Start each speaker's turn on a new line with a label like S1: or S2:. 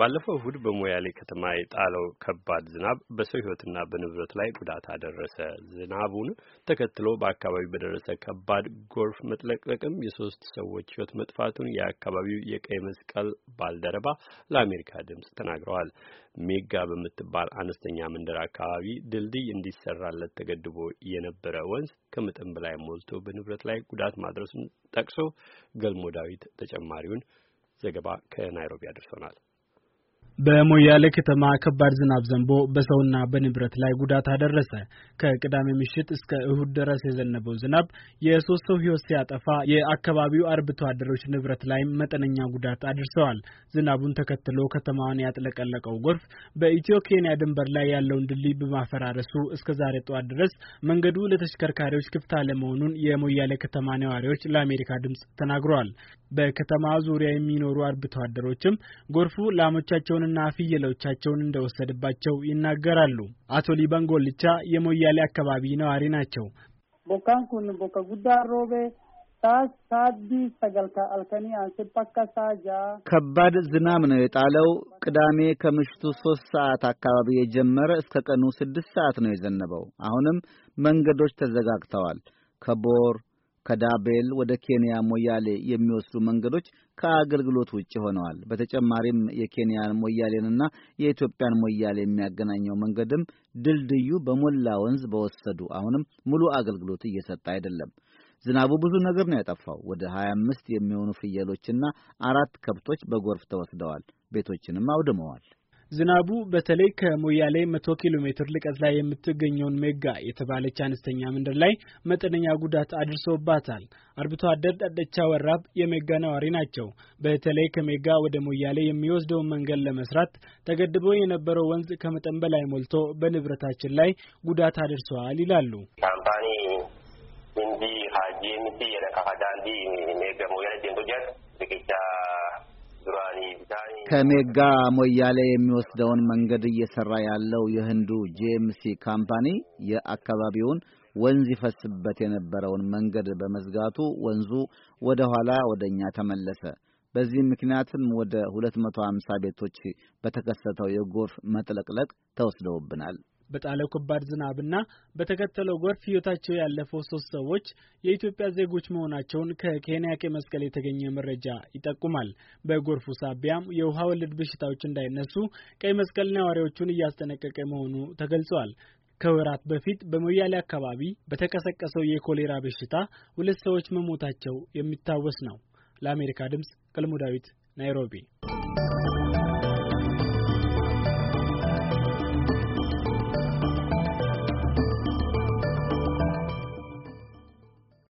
S1: ባለፈው እሁድ በሞያሌ ከተማ የጣለው ከባድ ዝናብ በሰው ሕይወትና በንብረት ላይ ጉዳት አደረሰ። ዝናቡን ተከትሎ በአካባቢው በደረሰ ከባድ ጎርፍ መጥለቅለቅም የሶስት ሰዎች ሕይወት መጥፋቱን የአካባቢው የቀይ መስቀል ባልደረባ ለአሜሪካ ድምፅ ተናግረዋል። ሜጋ በምትባል አነስተኛ መንደር አካባቢ ድልድይ እንዲሰራለት ተገድቦ የነበረ ወንዝ ከመጠን በላይ ሞልቶ በንብረት ላይ ጉዳት ማድረሱን ጠቅሶ ገልሞ ዳዊት ተጨማሪውን ዘገባ ከናይሮቢ አድርሶናል።
S2: በሞያሌ ከተማ ከባድ ዝናብ ዘንቦ በሰውና በንብረት ላይ ጉዳት አደረሰ። ከቅዳሜ ምሽት እስከ እሁድ ድረስ የዘነበው ዝናብ የሶስት ሰው ሕይወት ሲያጠፋ የአካባቢው አርብቶ አደሮች ንብረት ላይም መጠነኛ ጉዳት አድርሰዋል። ዝናቡን ተከትሎ ከተማዋን ያጥለቀለቀው ጎርፍ በኢትዮ ኬንያ ድንበር ላይ ያለውን ድልድይ በማፈራረሱ እስከ ዛሬ ጠዋት ድረስ መንገዱ ለተሽከርካሪዎች ክፍት አለመሆኑን የሞያሌ ከተማ ነዋሪዎች ለአሜሪካ ድምጽ ተናግረዋል። በከተማ ዙሪያ የሚኖሩ አርብቶ አደሮችም ጎርፉ ላሞቻቸውን ላሞችንና ፍየሎቻቸውን እንደወሰደባቸው ይናገራሉ። አቶ ሊበን ጎልቻ የሞያሌ አካባቢ ነዋሪ ናቸው።
S3: ቦካን ኩን ቦካ ጉዳ ሮቤ ከባድ ዝናብ ነው የጣለው። ቅዳሜ ከምሽቱ ሶስት ሰዓት አካባቢ የጀመረ እስከ ቀኑ ስድስት ሰዓት ነው የዘነበው። አሁንም መንገዶች ተዘጋግተዋል። ከቦር ከዳቤል ወደ ኬንያ ሞያሌ የሚወስዱ መንገዶች ከአገልግሎት ውጭ ሆነዋል። በተጨማሪም የኬንያን ሞያሌንና የኢትዮጵያን ሞያሌ የሚያገናኘው መንገድም ድልድዩ በሞላ ወንዝ በወሰዱ አሁንም ሙሉ አገልግሎት እየሰጠ አይደለም። ዝናቡ ብዙ ነገር ነው ያጠፋው። ወደ 25 የሚሆኑ ፍየሎችና አራት ከብቶች በጎርፍ ተወስደዋል። ቤቶችንም አውድመዋል።
S2: ዝናቡ በተለይ ከሞያሌ መቶ ኪሎ ሜትር ርቀት ላይ የምትገኘውን ሜጋ የተባለች አነስተኛ መንደር ላይ መጠነኛ ጉዳት አድርሶባታል። አርብቶ አደር ዳደቻ ወራብ የሜጋ ነዋሪ ናቸው። በተለይ ከሜጋ ወደ ሞያሌ የሚወስደውን መንገድ ለመስራት ተገድቦ የነበረው ወንዝ ከመጠን በላይ ሞልቶ በንብረታችን ላይ ጉዳት አድርሰዋል ይላሉ።
S1: ካምፓኒ እንዲ ሀጂ
S3: ዳንዲ ሜጋ ሞያሌ ከሜጋ ሞያሌ የሚወስደውን መንገድ እየሰራ ያለው የህንዱ ጄምሲ ካምፓኒ የአካባቢውን ወንዝ ይፈስበት የነበረውን መንገድ በመዝጋቱ ወንዙ ወደ ኋላ ወደ እኛ ተመለሰ። በዚህ ምክንያትም ወደ 250 ቤቶች በተከሰተው የጎርፍ መጥለቅለቅ ተወስደውብናል።
S2: በጣለው ከባድ ዝናብና በተከተለው ጎርፍ ሕይወታቸው ያለፈው ሶስት ሰዎች የኢትዮጵያ ዜጎች መሆናቸውን ከኬንያ ቀይ መስቀል የተገኘ መረጃ ይጠቁማል። በጎርፉ ሳቢያም የውሃ ወለድ በሽታዎች እንዳይነሱ ቀይ መስቀል ነዋሪዎቹን እያስጠነቀቀ መሆኑ ተገልጿል። ከወራት በፊት በሞያሌ አካባቢ በተቀሰቀሰው የኮሌራ በሽታ ሁለት ሰዎች መሞታቸው የሚታወስ ነው። ለአሜሪካ ድምጽ ቀልሙ ዳዊት ናይሮቢ